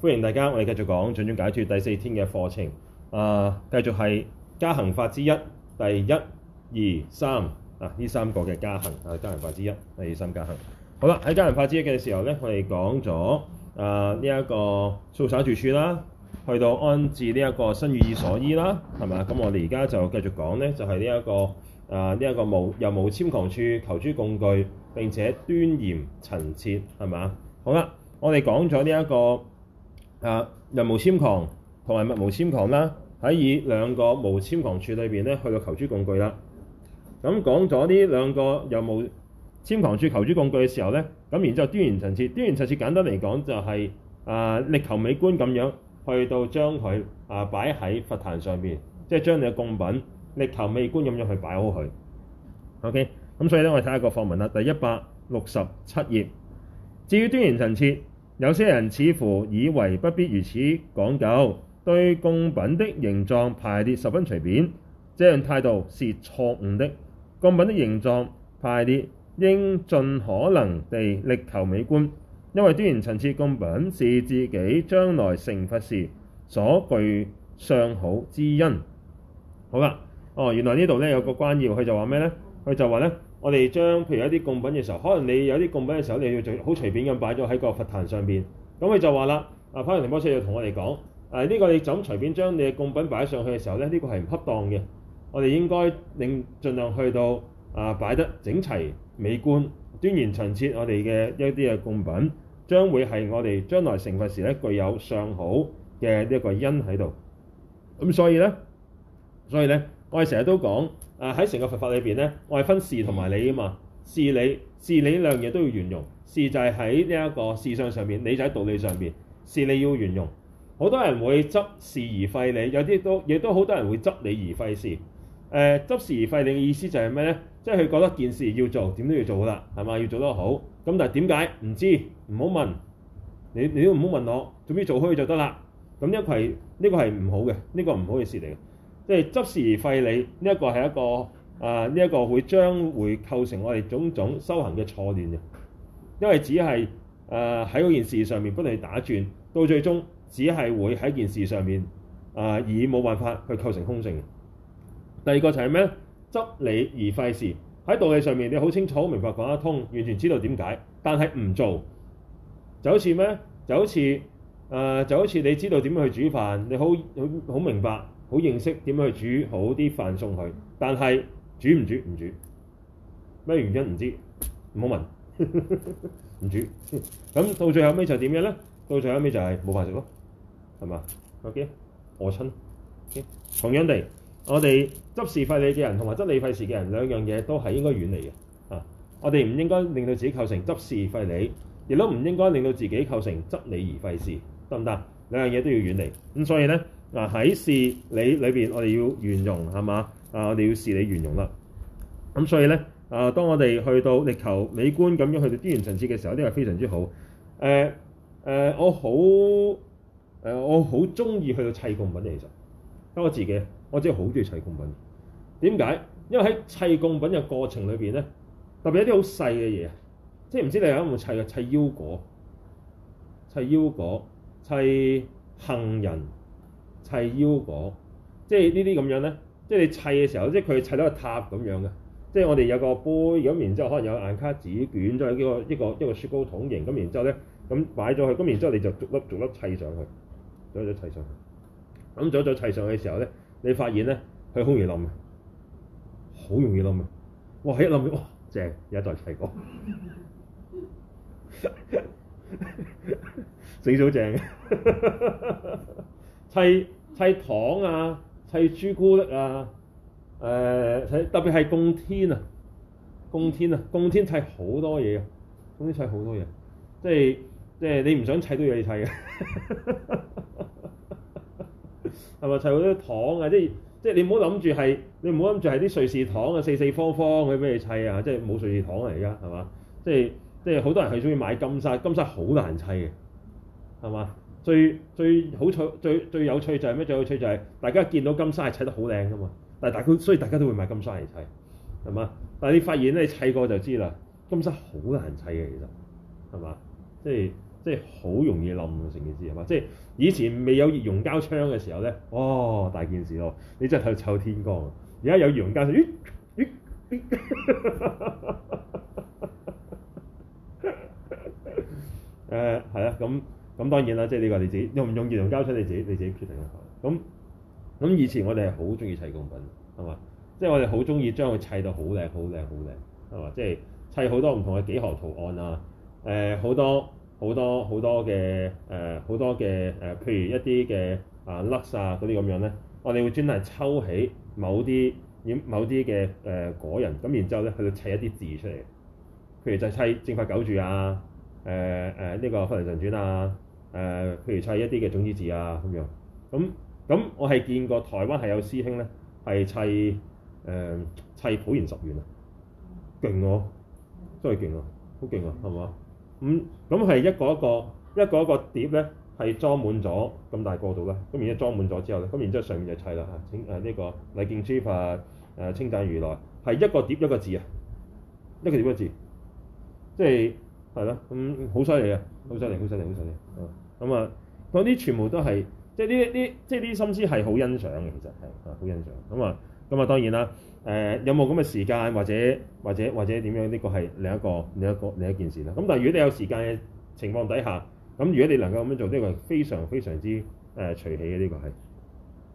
歡迎大家，我哋繼續講掌中解脫第四天嘅課程。啊、呃，繼續係加行法之一，第一、二、三啊，呢三個嘅加行啊，加行法之一，第二、三加行。好啦，喺加行法之一嘅時候咧，我哋講咗啊呢一個掃灑住處啦，去到安置呢、這、一個身語意所依啦，係嘛？咁我哋而家就繼續講咧，就係呢一個啊呢一個冇又冇諂誑處求諸供具並且端嚴陳設係嘛？好啦，我哋講咗呢一個。啊！人無籤狂，同埋物無籤狂啦。喺以兩個無籤狂處裏邊咧，去到求諸供具啦。咁講咗呢兩個有無籤狂處求諸供具嘅時候咧，咁然之後端嚴陳設，端嚴陳設簡單嚟講就係啊力求美觀咁樣去到將佢啊擺喺佛壇上邊，即係將你嘅供品力求美觀咁樣去擺好佢。OK，咁所以咧我哋睇下個課文啦，第一百六十七頁。至於端嚴陳設。有些人似乎以為不必如此講究，對供品的形狀排列十分隨便，這樣態度是錯誤的。供品的形狀排列應盡可能地力求美觀，因為端嚴陳設供品是自己將來成佛時所具相好之因。好啦，哦，原來呢度咧有個關要，佢就話咩咧？佢就話咧。我哋將譬如有啲供品嘅時候，可能你有啲供品嘅時候，你要做好隨便咁擺咗喺個佛壇上邊。咁佢就話啦：，啊帕繃喀大師要同我哋講，誒、這、呢個你怎隨便將你嘅供品擺上去嘅時候咧，呢、這個係唔恰當嘅。我哋應該令盡量去到啊擺得整齊、美觀、端嚴陳設我哋嘅一啲嘅供品，將會係我哋將來成佛時咧具有相好嘅一個因喺度。咁所以咧，所以咧，我哋成日都講。誒，喺成個佛法裏邊咧，我係分事同埋理啊嘛，事理事理呢兩嘢都要圓融。事就係喺呢一個事相上、上面，理就喺道理上邊。事理要圓融，好多人會執事而廢理，有啲都亦都好多人會執理而廢事。誒、呃、執事而廢理嘅意思就係咩咧？即係佢覺得件事要做，點都要做啦，係嘛？要做得好。咁但係點解？唔知唔好問。你你都唔好問我，總之做開就得啦。咁一個呢、呢個係唔好嘅，呢、呢個唔好嘅事嚟嘅。即係執事而廢理，呢、這個、一個係一個啊，呢、這、一個會將會構成我哋種種修行嘅錯亂嘅，因為只係啊喺嗰件事上面不斷打轉，到最終只係會喺件事上面啊、呃、而冇辦法去構成空性。第二個就係咩？執理而廢事，喺道理上面你好清楚、好明白、講得通，完全知道點解，但係唔做就好似咩？就好似啊，就好似、呃、你知道點樣去煮飯，你好好明白。好認識點樣去煮好啲飯送佢，但係煮唔煮唔煮，咩原因唔知，唔好問，唔 煮。咁、嗯、到最後尾就點樣咧？到最後尾就係冇飯食咯，係嘛？OK，餓親。OK，同樣地，我哋執事廢理嘅人同埋執理廢事嘅人兩樣嘢都係應該遠離嘅。啊，我哋唔應該令到自己構成執事而廢理，亦都唔應該令到自己構成執理而廢事，得唔得？兩樣嘢都要遠離。咁、嗯、所以咧。嗱、啊、喺事理裏邊，我哋要圓融係嘛啊？我哋要事理圓融啦。咁、啊、所以咧啊，當我哋去到力求美觀咁樣去到資源層次嘅時候，呢個非常之好。誒、呃、誒、呃，我好誒、呃，我好中意去到砌供品嘅其實，因我自己我真係好中意砌供品。點解？因為喺砌供品嘅過程裏邊咧，特別有一啲好細嘅嘢，即係唔知你有冇砌過砌腰果、砌腰果、砌杏仁。砌腰果，即係呢啲咁樣咧，即係你砌嘅時候，即係佢砌到個塔咁樣嘅，即係我哋有個杯咁，然之後可能有硬卡紙捲咗喺個一個一個,一個雪糕筒形咁然之後咧咁擺咗佢，咁然之後,後你就逐粒逐粒砌上去，逐粒砌上去，咁逐粒砌上去嘅時候咧，你發現咧佢好容易冧嘅，好容易冧嘅，哇！一冧哇正，有一袋砌過，死咗正砌。 砌糖啊，砌朱古力啊，誒、呃，特別係供天啊，供天啊，供天砌好多嘢，啊，供天砌好多嘢，即係即係你唔想砌都要你砌嘅，係 咪砌好多糖啊？即係即係你唔好諗住係你唔好諗住係啲瑞士糖啊，四四方方嘅畀你砌啊？即係冇瑞士糖啊，而家係嘛？即係即係好多人係中意買金沙，金沙好難砌嘅，係嘛？最最好趣最最有趣就係咩？最有趣就係大家見到金沙係砌得好靚噶嘛，但係大家，所以大家都會買金沙嚟砌，係嘛？但係你發現咧，你砌過就知啦，金沙好難砌嘅其實，係嘛？即係即係好容易冧成件事，係嘛？即係以前未有熱熔膠槍嘅時候咧，哦，大件事咯，你真係喺度湊天光。而家有熱熔膠槍，誒係啊咁。呃咁當然啦，即係呢個你自己用唔用熱熔膠水你自己你自己決定啦。咁咁以前我哋係好中意砌供品，係嘛？即、就、係、是、我哋好中意將佢砌到好靚、好靚、好靚，係嘛？即係砌好多唔同嘅幾何圖案啦、啊，誒、呃、好多好多好多嘅誒好多嘅誒、呃，譬如一啲嘅啊粒啊嗰啲咁樣咧，我哋會專登抽起某啲某啲嘅誒果仁，咁然之後咧去砌一啲字出嚟，譬如就砌《正法久住》啊，誒誒呢個《封神傳》啊。誒、呃，譬如砌一啲嘅種子字啊，咁樣咁咁，我係見過台灣係有師兄咧，係砌誒、呃、砌普賢十願啊，勁喎，真係勁啊，好勁啊，係嘛？咁咁係一個一個一個一個碟咧，係裝滿咗咁大個度啦。咁然之後裝滿咗之後咧，咁然之後上面就砌啦嚇、啊。請呢、啊這個禮敬諸佛、稱讚如來，係一個碟一個字啊，一個碟一個字，即係。係咯，咁好犀利嘅，好犀利，好犀利，好犀利。嗯，咁啊，嗰啲、嗯嗯、全部都係，即係呢啲，即係啲心思係好欣賞嘅，其實係啊，好欣賞的。咁、嗯、啊，咁、嗯、啊、嗯嗯，當然啦，誒、呃，有冇咁嘅時間或者或者或者點樣？呢、呢個係另一個另一個，另一個另一件事啦。咁、嗯、但係如果你有時間嘅情況底下，咁、嗯、如果你能夠咁樣做，呢、呢個係非常非常之誒、呃、隨喜嘅，呢、呢個係。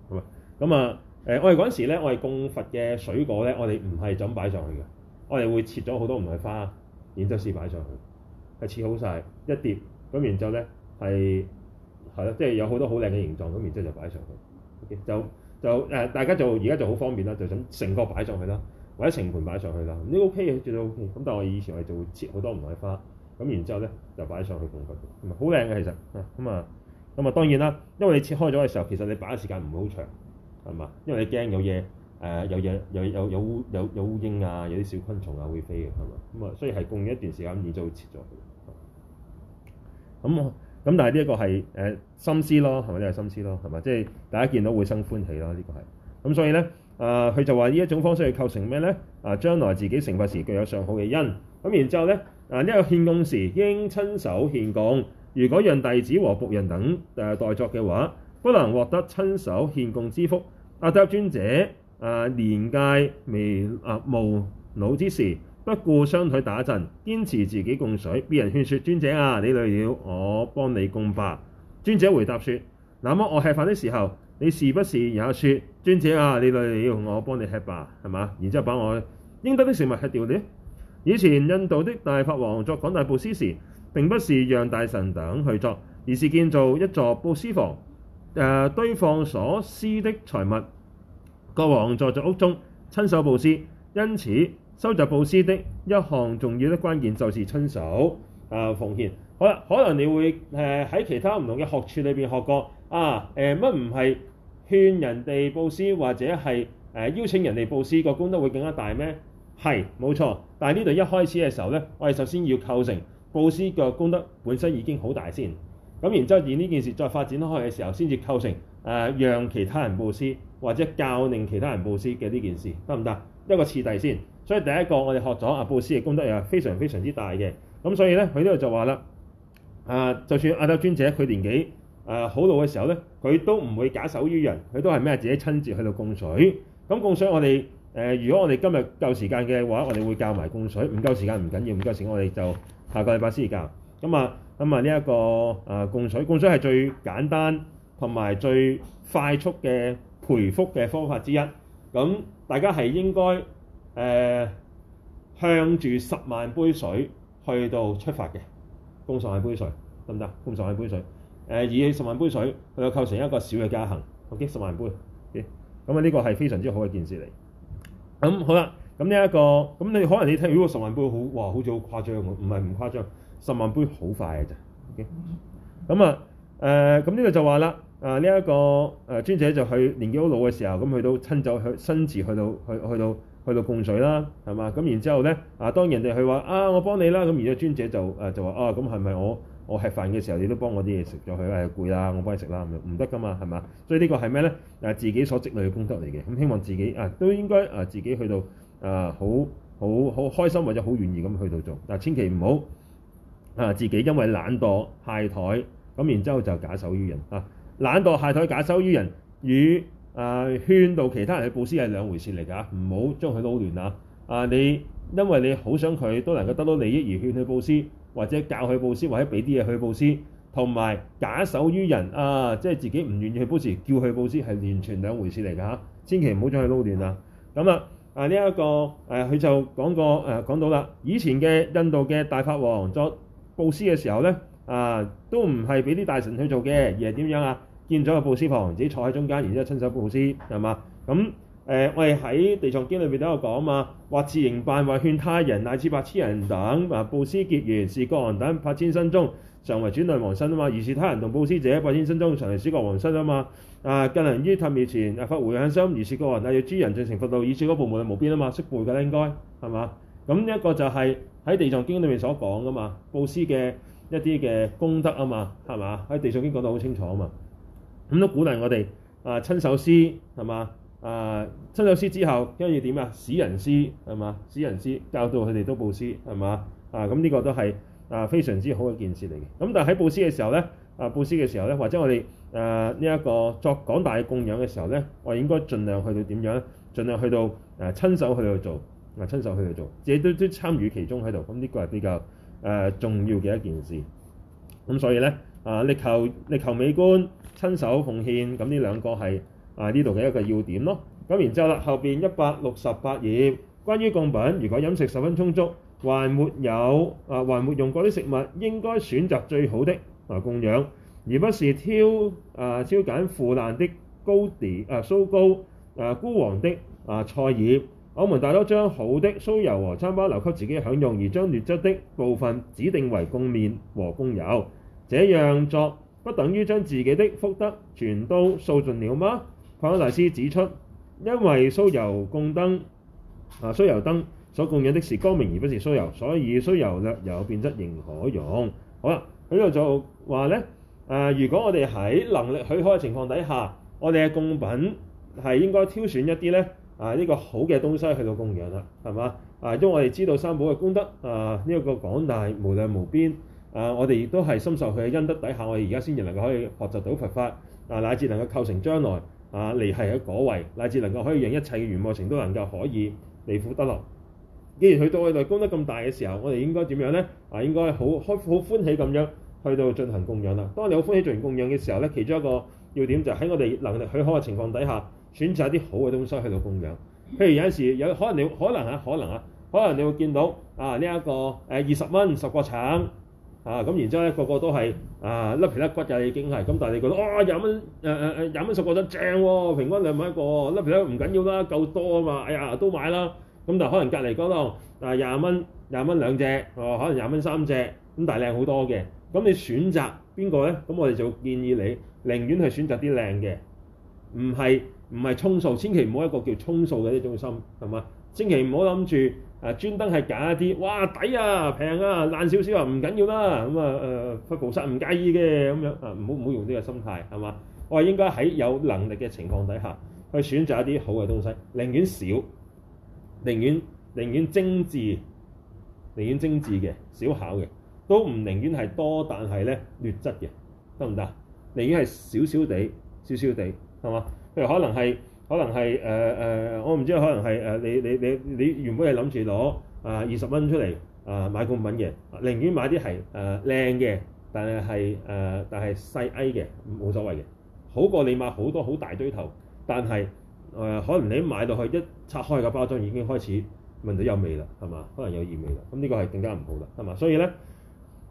咁、嗯、啊，咁、嗯、啊，誒、嗯嗯嗯呃，我哋嗰陣時咧，我哋供佛嘅水果咧，我哋唔係咁擺上去嘅，我哋會切咗好多唔同嘅花，然之後先擺上去。切好晒，一碟，咁然之後咧係係咯，即係、就是、有好多好靚嘅形狀，咁然之後就擺上去。O、okay? K，就就誒、呃，大家就，而家就好方便啦，就想成個擺上去啦，或者成盤擺上去啦，呢 O K 嘅絕對 O K。咁但係我以前我哋就會切好多唔同嘅花，咁然之後咧就擺上去咁樣，好靚嘅其實。咁啊咁啊，當然啦，因為你切開咗嘅時候，其實你擺嘅時間唔會好長，係嘛？因為你驚有嘢誒、呃，有嘢有有有有有烏蠅啊，有啲小昆蟲啊會飛嘅係嘛，咁啊，所以係供一段時間，然之後切咗佢。咁、嗯、咁、嗯，但係呢一個係誒、呃、心思咯，係咪？呢係心思咯，係咪？即係大家見到會生歡喜咯，呢、這個係。咁、嗯、所以咧，啊、呃，佢就話呢一種方式去構成咩咧？啊，將來自己成佛時具有上好嘅因。咁、嗯、然之後咧，啊，呢、這個獻供時應親手獻供，如果讓弟子和僕人等誒代作嘅話，不能獲得親手獻供之福。阿、啊、底峽尊者啊，年屆未啊無老之時。不顧雙腿打震，堅持自己供水。別人勸說，尊者啊，你累了，我幫你供吧。尊者回答說：那麼我吃飯的時候，你是不是也說，尊者啊，你累了，我幫你吃吧是吧？係嘛？然之後把我應得的食物吃掉呢。以前印度的大法王作廣大布施時，並不是讓大臣等去作，而是建造一座布施房，誒、呃、堆放所施的財物。國王坐在屋中親手布施，因此。收集布施的一項重要咧關鍵，就是親手啊、呃、奉獻。好啦，可能你會誒喺、呃、其他唔同嘅學處裏邊學過啊，誒乜唔係勸人哋布施或者係誒、呃、邀請人哋布施個功德會更加大咩？係冇錯。但係呢度一開始嘅時候咧，我哋首先要構成布施嘅功德本身已經好大先。咁然之後以呢件事再發展開去嘅時候，先至構成誒、呃、讓其他人布施或者教令其他人布施嘅呢件事得唔得？一個次第先。所以第一個我哋學咗阿布施嘅功德又係非常非常之大嘅，咁所以咧佢呢度就話啦，啊就算阿底峽尊者佢年紀誒好、啊、老嘅時候咧，佢都唔會假手於人，佢都係咩自己親自去到供水。咁供水我哋誒、呃、如果我哋今日夠時間嘅話，我哋會教埋供水；唔夠時間唔緊要，唔夠時間我哋就下個禮拜先教。咁、這個、啊咁啊呢一個誒供水，供水係最簡單同埋最快速嘅培福嘅方法之一。咁大家係應該。誒、呃、向住十萬杯水去到出發嘅，供十萬杯水得唔得？供十萬杯水誒、呃，以十萬杯水去到構成一個小嘅加行。OK，十萬杯。咁啊，呢個係非常之好嘅件事嚟。咁好啦，咁呢一個咁你可能你聽，如、哎、果十萬杯好哇，好似好誇張，唔係唔誇張，十萬杯好快嘅咋。OK，咁啊誒，咁呢度就話啦啊，呢、這、一個誒，尊者就去年紀好老嘅時候，咁去到親走去親自去到去去到。去到供水啦，係嘛？咁然之後咧，啊當人哋去話啊，我幫你啦，咁而家尊者就就話啊，咁係咪我我吃飯嘅時候你都幫我啲嘢食咗佢？係攰啦，我幫你食啦咁樣，唔得噶嘛，係嘛？所以個呢個係咩咧？自己所積累嘅功德嚟嘅，咁希望自己啊都應該啊自己去到啊好好好開心或者好願意咁去到做，但千祈唔好啊自己因為懶惰懈怠，咁然之後就假手於人啊懶惰懈怠假手於人與誒、啊、勸導其他人去佈施係兩回事嚟㗎，唔好將佢撈亂啦！啊，你因為你好想佢都能夠得到利益而勸佢佈施，或者教佢佈施，或者俾啲嘢佢佈施，同埋假手於人啊，即係自己唔願意去佈施，叫佢佈施係完全兩回事嚟㗎嚇，千祈唔好將佢撈亂啦！咁啊，啊呢一、這個誒，佢、啊、就講過誒、啊、講到啦，以前嘅印度嘅大法王做佈施嘅時候咧，啊都唔係俾啲大臣去做嘅，而係點樣啊？建咗個布施房，自己坐喺中間，然之後親手布施，係嘛？咁誒，我哋喺地藏經裏面都有講嘛，或自營辦，或勸他人乃至百千人等啊，佈施結緣是國王等百千身中常為轉輪王身啊嘛。而是他人同布施者百千身中常為諸國王身啊嘛。啊，近人於塔廟前啊，發回向心。於是國王乃要諸人盡成佛道，以是嗰部無量無邊啊嘛，識背㗎啦，應該係嘛。咁一個就係喺地藏經裏面所講噶嘛，布施嘅一啲嘅功德啊嘛係嘛，喺地藏經講得好清楚啊嘛。咁都鼓勵我哋啊，親手施係嘛啊？親手施之後，跟住點啊？使人施係嘛？使人施教導佢哋都布施係嘛啊？咁呢個都係啊非常之好嘅一件事嚟嘅。咁但係喺布施嘅時候咧，啊布施嘅時候咧，或者我哋啊呢一、這個作廣大嘅供養嘅時候咧，我應該儘量去到點樣？儘量去到啊親手去去做，啊親手去去做，自己都都參與其中喺度。咁呢個係比較誒、啊、重要嘅一件事。咁所以咧啊，力求力求美觀。親手奉獻，咁呢兩個係啊呢度嘅一個要點咯。咁然之後啦，後邊一百六十八頁，關於供品，如果飲食十分充足，還沒有啊還沒用過啲食物，應該選擇最好的啊供養，而不是挑啊挑揀腐爛的糕點啊酥糕啊枯黃的啊菜葉。我們大多將好的酥油和糌粑留給自己享用，而將劣質的部分指定為供麵和供油，這樣作。不等於將自己的福德全都掃盡了嗎？帕繃喀大師指出，因為酥油供燈啊，酥油燈所供養的是光明，而不是酥油，所以酥油略有變質，仍可用。好啦、啊，佢呢度就話咧，誒、啊，如果我哋喺能力許可嘅情況底下，我哋嘅供品係應該挑選一啲咧啊，呢、這個好嘅東西去到供養啦，係嘛？啊，因為我哋知道三寶嘅功德啊，呢、這、一個廣大無量無邊。啊！我哋亦都係深受佢嘅恩德底下，我哋而家先至能夠可以學習到佛法，啊，乃至能夠構成將來啊離世嘅果位，乃至能夠可以讓一切嘅緣愛情都能夠可以離苦得樂。既然去到我哋功德咁大嘅時候，我哋應該點樣咧？啊，應該好開好歡喜咁樣去到進行供養啦。當你好歡喜做完供養嘅時候咧，其中一個要點就喺我哋能力許可嘅情況底下，選擇一啲好嘅東西去到供養。譬如有時有可能你可能啊可能啊可能你會見到啊呢一個誒二十蚊十個橙。啊。啊，咁然之後咧，個個都係啊甩皮甩骨嘅已經係，咁但係你覺得哇廿蚊誒誒誒廿蚊十個真正喎，平均兩蚊一個，甩皮甩唔緊要啦，夠多啊嘛，哎呀都買啦。咁但係可能隔離嗰度啊廿蚊廿蚊兩隻，哦可能廿蚊三隻，咁但係靚好多嘅。咁你選擇邊個咧？咁我哋就建議你寧願去選擇啲靚嘅，唔係唔係充數，千祈唔好一個叫充數嘅呢種心，係嘛？千祈唔好諗住。誒專登係揀一啲，哇抵啊，平啊，爛少少啊，唔緊要啦，咁啊誒，佛菩薩，唔介意嘅咁樣，啊唔好唔好用呢個心態，係嘛？我係應該喺有能力嘅情況底下，去選擇一啲好嘅東西，寧願少，寧願寧願精緻，寧願精緻嘅小巧嘅，都唔寧願係多，但係咧劣質嘅，得唔得？寧願係少少地，少少地，係嘛？譬如可能係。可能係誒誒，我唔知道可能係誒你你你你原本係諗住攞啊二十蚊出嚟啊、呃、買供品嘅，寧願買啲係誒靚嘅，但係誒、呃、但係細埃嘅冇所謂嘅，好過你買好多好大堆頭，但係誒、呃、可能你買到去一拆開嘅包裝已經開始聞到有味啦，係嘛？可能有異味啦，咁呢個係更加唔好啦，係嘛？所以咧誒、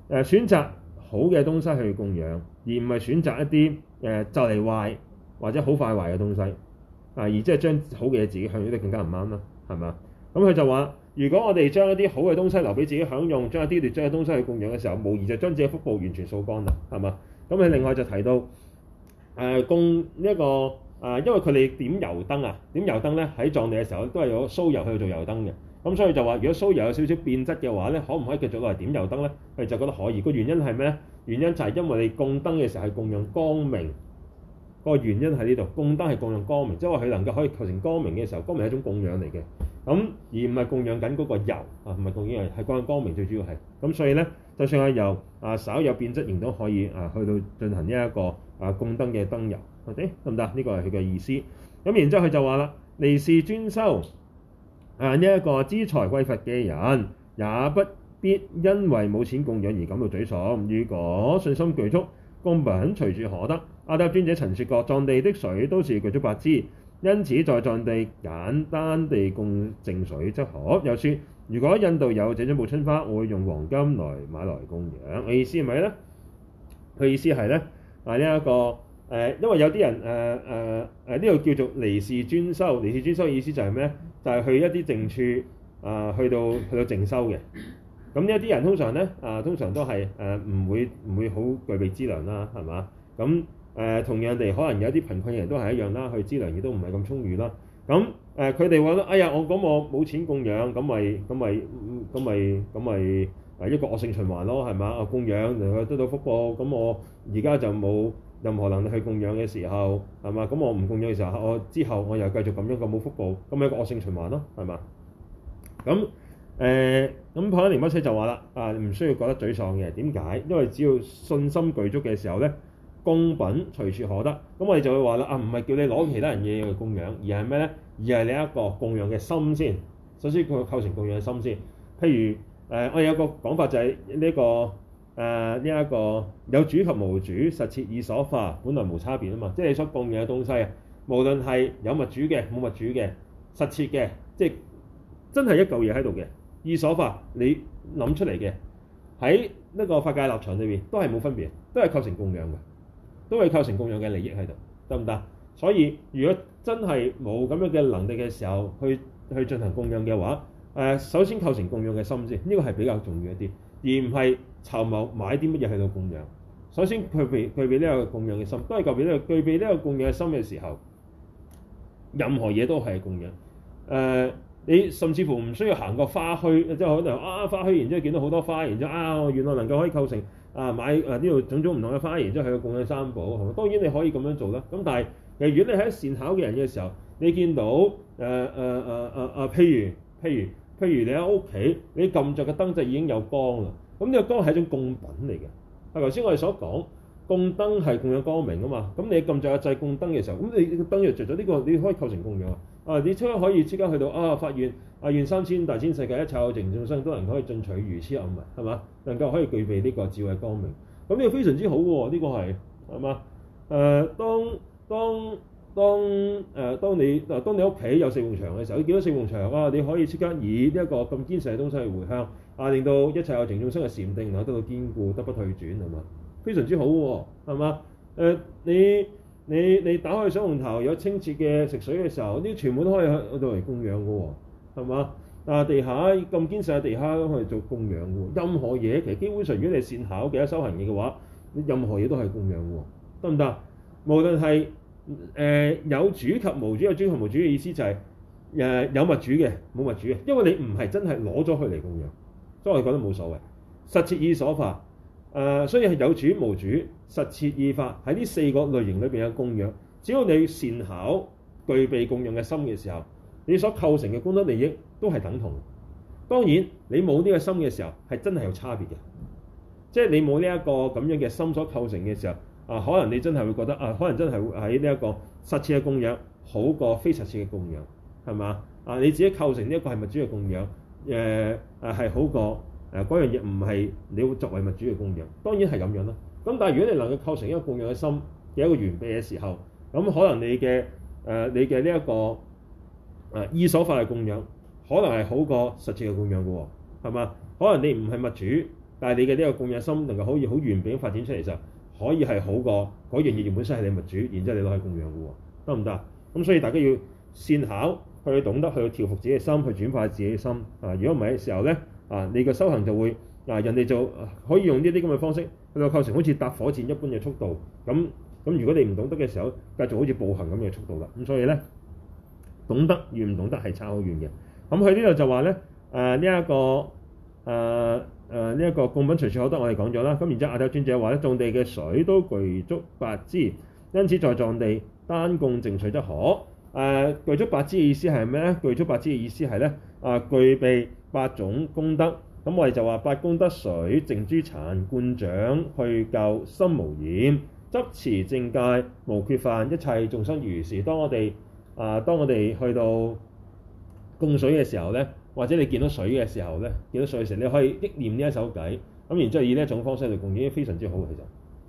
呃、選擇好嘅東西去供養，而唔係選擇一啲誒就嚟壞或者好快壞嘅東西。啊！而即係將好嘅嘢自己享用得更加唔啱啦，係咪？咁佢就話：如果我哋將一啲好嘅東西留俾自己享用，將一啲劣質嘅東西去供養嘅時候，無疑就將自己福報完全掃乾啦，係嘛？咁佢另外就提到誒供呢一個啊、呃，因為佢哋點油燈啊，點油燈咧喺藏地嘅時候都係有酥油去做油燈嘅，咁所以就話如果酥油有少少變質嘅話咧，可唔可以繼續落嚟點油燈咧？佢就覺得可以。個原因係咩咧？原因就係因為你供燈嘅時候係供養光明。個原因喺呢度，供燈係共用光明，即係話佢能夠可以構成光明嘅時候，光明係一種供養嚟嘅，咁而唔係供養緊嗰個油啊，唔係供養係係關於光明最主要係，咁所以咧，就算阿油啊稍有變質，仍都可以啊去到進行呢一個啊供燈嘅燈油，得唔得？呢、這個係佢嘅意思。咁然之後佢就話啦，離事專修啊，呢一個資財匱乏嘅人，也不必因為冇錢供養而感到沮喪。如果信心具足，供品隨處可得。阿底峽尊者曾說過，藏地的水都是具足八支，因此在藏地簡單地供淨水即可。又說，如果印度有這種報春花，會用黃金來買來供養。嘅意思係咪咧？佢意思係咧，係呢一個誒、呃，因為有啲人誒誒誒，呢、呃、個、呃、叫做離事專修。離事專修嘅意思就係咩咧？就係、是、去一啲淨處啊，去到去到淨修嘅。咁呢一啲人通常咧啊、呃，通常都係誒唔會唔會好具備資糧啦，係嘛？咁誒、呃，同樣地，可能有啲貧困人都係一樣啦，去資源亦都唔係咁充裕啦。咁誒，佢哋話哎呀，我咁我冇錢供養，咁咪咁咪咁咪咁咪，一個惡性循環咯，係嘛？我供養能夠得到福報，咁我而家就冇任何能力去供養嘅時候，係嘛？咁我唔供養嘅時候，我之後我又繼續咁樣個冇福報，咁咪一個惡性循環咯，係嘛？咁誒，咁、呃、帕繃喀大師就話啦，啊，唔需要覺得沮喪嘅，點解？因為只要信心具足嘅時候咧。供品隨處可得，咁我哋就會話啦啊，唔係叫你攞其他人嘢嚟供養，而係咩咧？而係你一個供養嘅心先，首先佢構成供養嘅心先。譬如誒、呃，我有一個講法就係、是、呢、這個誒呢一個有主及無主實設意所化，本來無差別啊嘛。即係你所供養嘅東西，無論係有物主嘅、冇物主嘅、實設嘅，即、就、係、是、真係一嚿嘢喺度嘅意所化，你諗出嚟嘅喺呢個法界立場裏面都係冇分別，都係構成供養嘅。都係構成供養嘅利益喺度，得唔得？所以如果真係冇咁樣嘅能力嘅時候，去去進行供養嘅話，誒、呃，首先構成供養嘅心先，呢、這個係比較重要一啲，而唔係籌謀買啲乜嘢去到供養。首先具備具備呢個供養嘅心，都係具備呢、這個、具備呢個供養嘅心嘅時候，任何嘢都係供養。誒、呃，你甚至乎唔需要行過花墟，即係可能啊，花墟然之後見到好多花，然之後啊，原來能夠可以構成。啊，買啊呢度種種唔同嘅花，然之後係個供養三寶，係嘛？當然你可以咁樣做啦。咁但係，如果你喺善巧嘅人嘅時候，你見到誒誒誒誒誒，譬如譬如譬如你喺屋企，你撳着個燈就已經有光啦。咁呢個光係一種供品嚟嘅。係頭先我哋所講，供燈係供養光明啊嘛。咁你撳着個掣供燈嘅時候，咁你個燈就着咗呢個，你可以構成供養啊。啊！你即刻可以即刻去到啊！發願啊，願三千大千世界一切有情眾生都能可以進取如此暗物，係嘛？能夠可以具備呢個智慧光明，咁、啊、呢、這個非常之好喎、啊！呢、這個係係嘛？誒、啊，當當當誒、啊，當你嗱、啊，當你屋企有四面牆嘅時候，你見到四面牆啊？你可以即刻以呢一個咁堅實嘅東西去回向，啊，令到一切有情眾生嘅禪定能得到堅固，得不退轉，係嘛？非常之好喎、啊，係嘛？誒、啊，你。你你打開水龍頭有清澈嘅食水嘅時候，呢啲全部都可以去嗰度嚟供養嘅喎，係嘛？啊，地下咁堅實嘅地下都可以做供養嘅喎，任何嘢其實基本上，如果你善巧嘅一修行嘢嘅話，你任何嘢都係供養嘅喎，得唔得？無論係誒、呃、有主及無主，有主及無主嘅意思就係、是、誒、呃、有物主嘅，冇物主嘅，因為你唔係真係攞咗佢嚟供養，所以我覺得冇所謂。實設以所法。誒、呃，所以係有主無主、實設義法喺呢四個類型裏邊嘅供養。只要你善巧具備供養嘅心嘅時候，你所構成嘅功德利益都係等同。當然，你冇呢個心嘅時候，係真係有差別嘅。即係你冇呢一個咁樣嘅心所構成嘅時候，啊、呃，可能你真係會覺得啊、呃，可能真係會喺呢一個實設嘅供養好過非實設嘅供養，係嘛？啊、呃，你自己構成呢一個係物主嘅供養，誒誒係好過。誒嗰樣嘢唔係你會作為物主去供養，當然係咁樣啦。咁但係如果你能夠構成一個供養嘅心，嘅一個完備嘅時候，咁可能你嘅誒、呃、你嘅呢一個誒意、啊、所化嘅供養，可能係好過實際嘅供養嘅喎、哦，係嘛？可能你唔係物主，但係你嘅呢個供養嘅心能夠可以好完備咁發展出嚟，就可以係好過嗰樣嘢原本身係你物主，然之後你攞去供養嘅喎、哦，得唔得？咁所以大家要善巧，去懂得去調服自己嘅心，去轉化自己嘅心。啊，如果唔係嘅時候咧～啊！你個修行就會啊，人哋就、啊、可以用呢啲咁嘅方式去構成，好似搭火箭一般嘅速度。咁咁，那如果你唔懂得嘅時候，繼續好似步行咁嘅速度啦。咁所以咧，懂得與唔懂得係差好遠嘅。咁佢呢度就話咧，誒呢一個誒誒呢一個供品隨處可得，我，我哋講咗啦。咁然之後阿底峽尊者話咧，藏地嘅水都具足八支，因此在藏地單供淨水則可。誒、啊、具足八支嘅意思係咩咧？具足八支嘅意思係咧，啊具備。八種功德，咁我哋就話，八功德水淨諸塵，灌頂去垢心無染，執持正戒無缺犯，一切眾生如是。當我哋啊，當我哋去到供水嘅時候咧，或者你見到水嘅時候咧，見到水嘅時候，你可以憶念呢一首偈，咁然之後以呢一種方式嚟供應，非常之好嘅，其實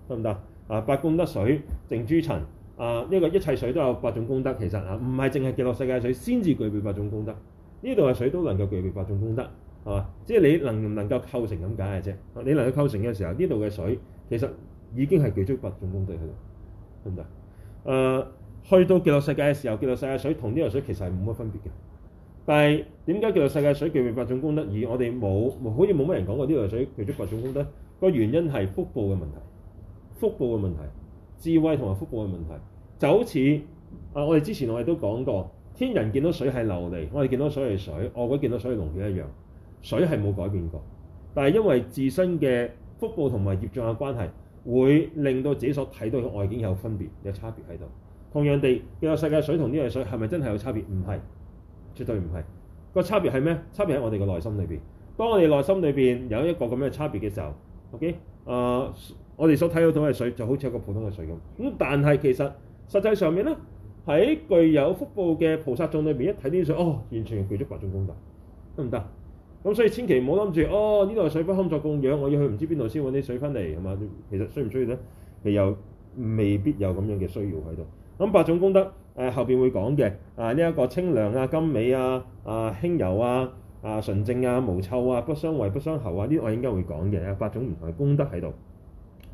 得唔得啊？八功德水淨諸塵啊，呢個一切水都有八種功德，其實啊，唔係淨係極樂世界水先至具備八種功德。呢度嘅水都能夠具備八種功德，係嘛？即係你能唔能夠構成咁解嘅啫。你能夠構成嘅時候，呢度嘅水其實已經係具足八種功德，喺度，對唔對？誒、呃，去到極樂世界嘅時候，極樂世界水同呢度水其實係冇乜分別嘅。但係點解極樂世界水具備八種功德？而我哋冇好似冇乜人講過呢度水具足八種功德？個原因係福報嘅問題，福報嘅問題、智慧同埋福報嘅問題，就好似啊，我哋之前我哋都講過。天人見到水係琉璃，我哋見到水係水，餓鬼見到水係膿血一樣，水係冇改變過。但係因為自身嘅福報同埋業障嘅關係，會令到自己所睇到嘅外景有分別、有差別喺度。同樣地，呢個世界水同呢樣水係咪真係有差別？唔係，絕對唔係。嗰個差別係咩？差別喺我哋嘅內心裏邊。當我哋內心裏邊有一個咁樣嘅差別嘅時候，OK？誒、uh，我哋所睇到到嘅水就好似一個普通嘅水咁。咁但係其實實際上面咧。喺具有福報嘅菩薩眾裏面，一睇呢啲水，哦，完全具足八種功德，得唔得？咁所以千祈唔好諗住，哦，呢度水不堪作供養，我要去唔知邊度先揾啲水翻嚟，係嘛？其實需唔需要咧？亦又未必有咁樣嘅需要喺度。咁八種功德，誒、呃、後邊會講嘅，啊呢一、這個清涼啊、甘美啊、啊輕柔啊、啊純正啊、無臭啊、不傷胃、不傷喉啊，呢啲我應該會講嘅，八種唔同嘅功德喺度。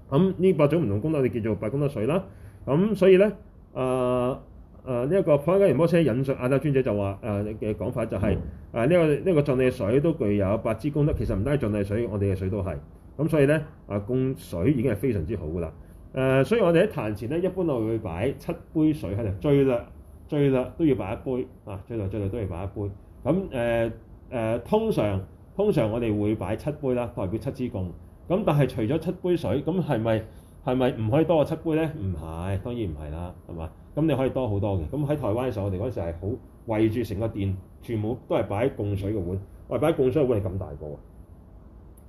咁呢八種唔同功德，你叫做八功德水啦。咁所以咧，啊、呃、～誒呢一個帕繃喀仁波切引述阿底峽尊者就話誒嘅講法就係誒，呢個呢、呢個淨麗水都具有八支功德，其實唔單止淨麗水，我哋嘅水都係。咁所以咧，啊供水已經係非常之好噶啦。誒、呃，所以我哋喺壇前咧，一般我會擺七杯水喺度，最啦最啦都要擺一杯啊，最啦最啦都要擺一杯。咁誒誒，通常通常我哋會擺七杯啦，代表七支供。咁但係除咗七杯水，咁係咪係咪唔可以多過七杯咧？唔係，當然唔係啦，係嘛？咁你可以多好多嘅。咁喺台灣嘅時候，我哋嗰陣時係好圍住成個店，全部都係擺供水嘅碗。我哋擺供水嘅碗係咁大個啊！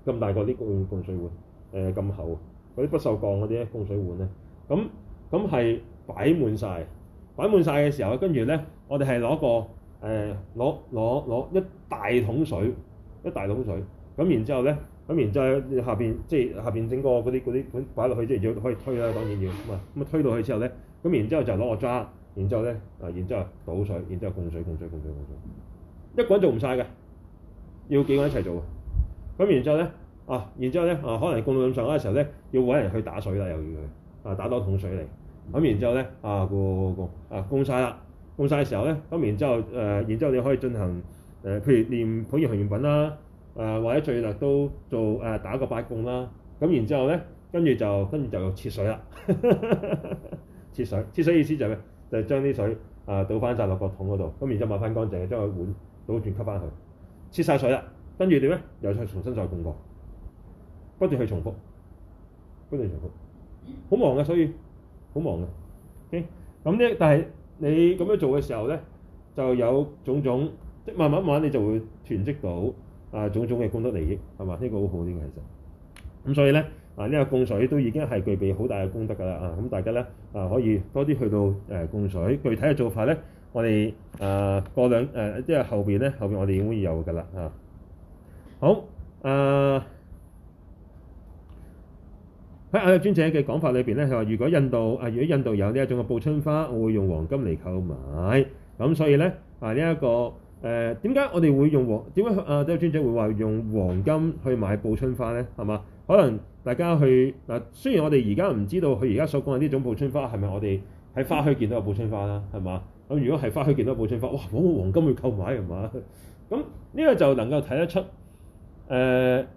咁大個啲供供水碗，呃，咁厚，嗰啲不鏽鋼嗰啲供水碗咧，咁咁係擺滿晒，擺滿晒嘅時候跟住咧，我哋係攞個誒攞攞攞一大桶水，一大桶水。咁然之後咧，咁然之後下面，即係下面整個嗰啲嗰啲擺落去，即係要可以推啦，當然要咁啊咁啊推到去之後咧。咁然之後就攞個揸，然之後咧啊，然之後倒水，然之後供水、供水、供水、供水，供水供水供水一個人做唔晒嘅，要幾個人一齊做。咁然之後咧啊，然之後咧啊，可能供到咁上下嘅時候咧，要揾人去打水啦，又要佢啊打多桶水嚟。咁然之後咧啊，個個啊供晒啦，供晒嘅、啊、時候咧，咁然之後誒，然之後，、呃、後你可以進行誒、呃，譬如念普賢行願品啦，誒、呃、或者最叻都做誒、呃、打個八供啦。咁然之後咧，跟住就跟住就要切水啦。 切水，切水意思就係咩？就係將啲水啊倒翻晒落個桶嗰度，咁、嗯、然之後抹翻乾淨，將個碗倒轉吸翻去。切晒水啦。跟住點咧？又再重新再灌過，不斷去重複，不斷去重複，好忙嘅，所以好忙嘅。咁、okay? 呢、嗯？但係你咁樣做嘅時候咧，就有種種，即係慢慢慢你就會囤積到啊種種嘅功德利益，係嘛？呢、呢個好好，啲嘅，其實咁、嗯、所以咧。啊！呢、這個供水都已經係具備好大嘅功德㗎啦！啊，咁大家咧啊，可以多啲去到誒供水。具體嘅做法咧，我哋誒、啊、過兩誒，即、啊、係、就是、後邊咧，後邊我哋已經會有㗎啦。啊，好啊！喺阿尊者嘅講法裏邊咧，佢話如果印度啊，如果印度有呢一種嘅報春花，我會用黃金嚟購買。咁所以咧啊，呢、這、一個誒點解我哋會用黃點解啊？阿尊者會話用黃金去買報春花咧，係嘛？可能。大家去嗱，雖然我哋而家唔知道佢而家所講嘅呢種報春花係咪我哋喺花墟見到嘅報春花啦，係嘛？咁如果係花墟見到嘅報春花，哇，好黃金去購買係嘛？咁呢個就能夠睇得出，誒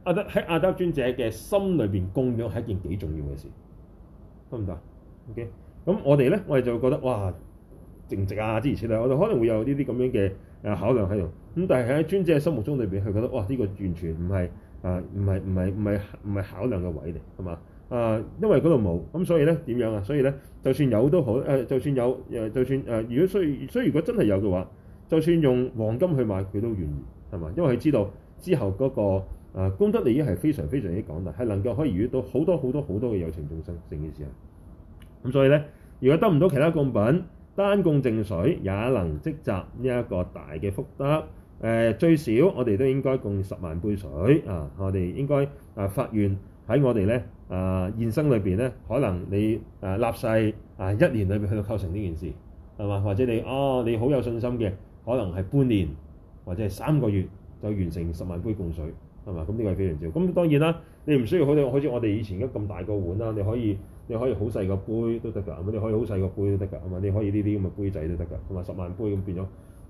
阿德喺阿德尊者嘅心裏邊供養係一件幾重要嘅事，得唔得？OK，咁我哋咧，我哋就會覺得哇，值唔值啊？諸如此類，我哋可能會有呢啲咁樣嘅誒考量喺度。咁但係喺尊者嘅心目中裏邊，佢覺得哇，呢個完全唔係。啊、呃，唔係唔係唔係唔係考量嘅位嚟，係嘛？啊、呃，因為嗰度冇，咁所以咧點樣啊？所以咧，就算有都好，誒、呃，就算有，誒、呃，就算誒、呃，如果需，所以如果真係有嘅話，就算用黃金去買，佢都願意，係嘛？因為佢知道之後嗰、那個呃、功德利益係非常非常之廣大，係能夠可以遇到好多好多好多嘅有情眾生成件事啊。咁所以咧，如果得唔到其他供品，單供淨水也能積集呢一個大嘅福德。誒、呃、最少我哋都應該供十萬杯水啊！我哋應該啊，發、啊、現喺我哋咧啊，現生裏邊咧，可能你啊立誓啊一年裏邊去到構成呢件事係嘛？或者你哦你好有信心嘅，可能係半年或者係三個月就完成十萬杯供水係嘛？咁呢個係非常之好。咁當然啦，你唔需要好似好似我哋以前咁咁大個碗啦，你可以你可以好細個杯都得㗎，或者可以好細個杯都得㗎，係嘛？你可以呢啲咁嘅杯仔都得㗎，同埋十萬杯咁變咗。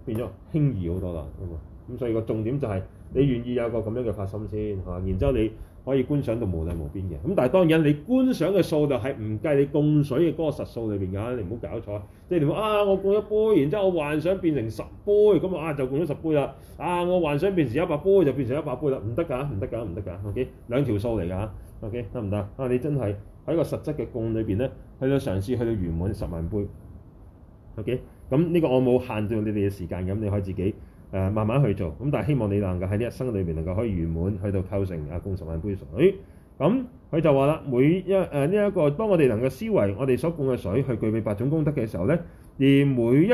變咗輕易好多啦，咁啊，咁所以個重點就係你願意有個咁樣嘅發心先嚇，然之後你可以觀想到無量無邊嘅。咁但係當然你觀想嘅數就係唔計你供水嘅嗰個實數裏邊㗎，你唔好搞錯。即係你話啊，我供一杯，然之後我幻想變成十杯，咁啊就供咗十杯啦。啊，我幻想變成一百杯就變成一百杯啦，唔得㗎，唔得㗎，唔得㗎。O K，兩條數嚟㗎。O K，得唔得啊？你真係喺個實質嘅供裏邊咧，去到嘗試去到圓滿十萬杯。O K。咁、這、呢個我冇限制你哋嘅時間，咁你可以自己、呃、慢慢去做。咁但係希望你能夠喺呢一生裏面，能夠可以圓滿去到構成啊，共十萬杯水。咁、嗯、佢就話啦，每一誒呢一個當我哋能夠思維我哋所供嘅水去具備八種功德嘅時候咧，而每一